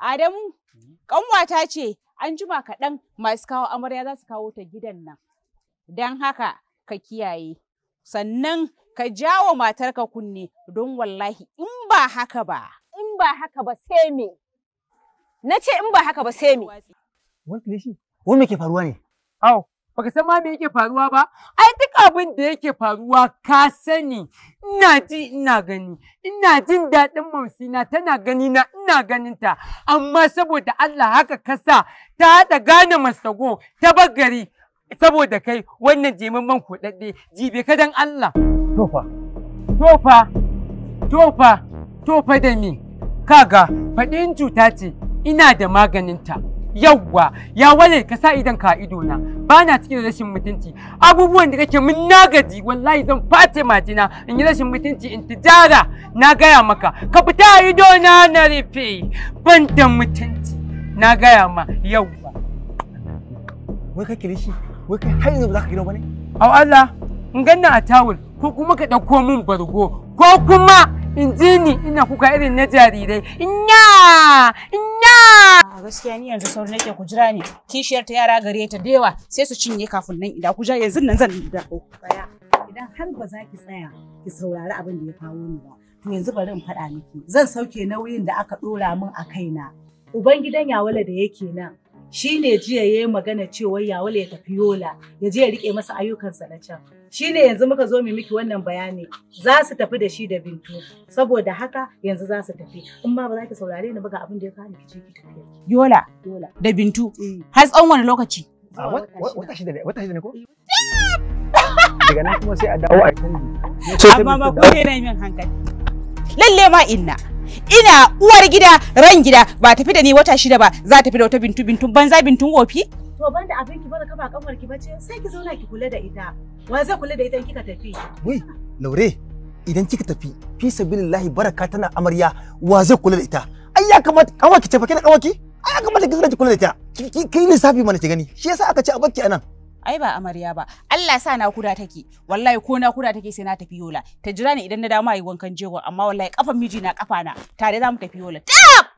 Adamu, hmm? ƙanwata ce an jima kaɗan masu kawo amarya za su kawo ta gidan nan. Don haka ka kiyaye, sannan ka jawo matarka kunne don wallahi in ba haka ba. In ba haka ba sai me? Na ce in ba haka ba sai me? Wani ke faruwa ne? Aw, baka san ma me yake faruwa ba ai duk abin da yake faruwa ka sani ina ji ina gani ina jin daɗin mamsina tana gani na ina ganinta amma saboda Allah haka kasa ta haɗa gane masago ta bagari saboda kai wannan man kuɗaɗɗe jibe ka dan Allah tofa tofa tofa tofa da ni kaga faɗin cuta ce ina da maganinta. ta yawwa ya wale ka sa idan ka ido na ba na cikin rashin mutunci abubuwan da kake mun nagaji wallahi zan fate majina in yi rashin mutunci in tijara na gaya maka ka fita ido na na rufe ban da mutunci na gaya ma yawwa wai kake kilishi wai kai har yanzu ba za ka gina ba ne au Allah in ganna a tawul ko kuma ka ɗauko min bargo ko kuma in ji ni ina kuka irin na jarirai inya inya gaskiya ni yanzu saurin nake ku jira ne kishiyar ta yara gare ta da yawa sai su cinye kafin nan idan ku ja yanzu nan zan dawo baya idan har ba za ki tsaya ki saurari abin da ya kawo ni ba to yanzu bari in faɗa miki zan sauke nauyin da aka ɗora min a kaina uban gidan yawala da yake nan shi ne jiya ya yi magana cewa yawale ya tafi yola ya je ya rike masa ayyukansa na can shi ne yanzu muka zo mu miki wannan bayani za su tafi da shi da bintu saboda haka yanzu za su tafi in ma ba za ki saurare ni ba ga abin da ya kawo ki je ki tafi yola da bintu mm. har tsawon wani lokaci wata shi da wata shida ne ko daga nan kuma sai a dawo a canji amma ba ko ne yin hankali lalle ma inna ina uwar gida ran gida ba tafi da ni wata shida ba za tafi da wata bintu bintu banza bintun wofi to banda abin ki bada kafa kamar ki bace sai ki zauna ki kula da ita wa zai kula da ita kika tafi wai laure idan kika tafi fi sabilillahi baraka tana amarya wa zai kula da ita ai ya kamata kawai ki tafi kina kawai ki ai ya kamata ki kula da ita ki lissafi mana ki gani shi yasa aka ce a bakki anan ai ba amarya ba Allah sa na kuda take wallahi ko na kuda take sai na tafi yola ta jira ni idan na dawo ma yi wankan jego amma wallahi kafan miji na kafa na tare za mu tafi yola tap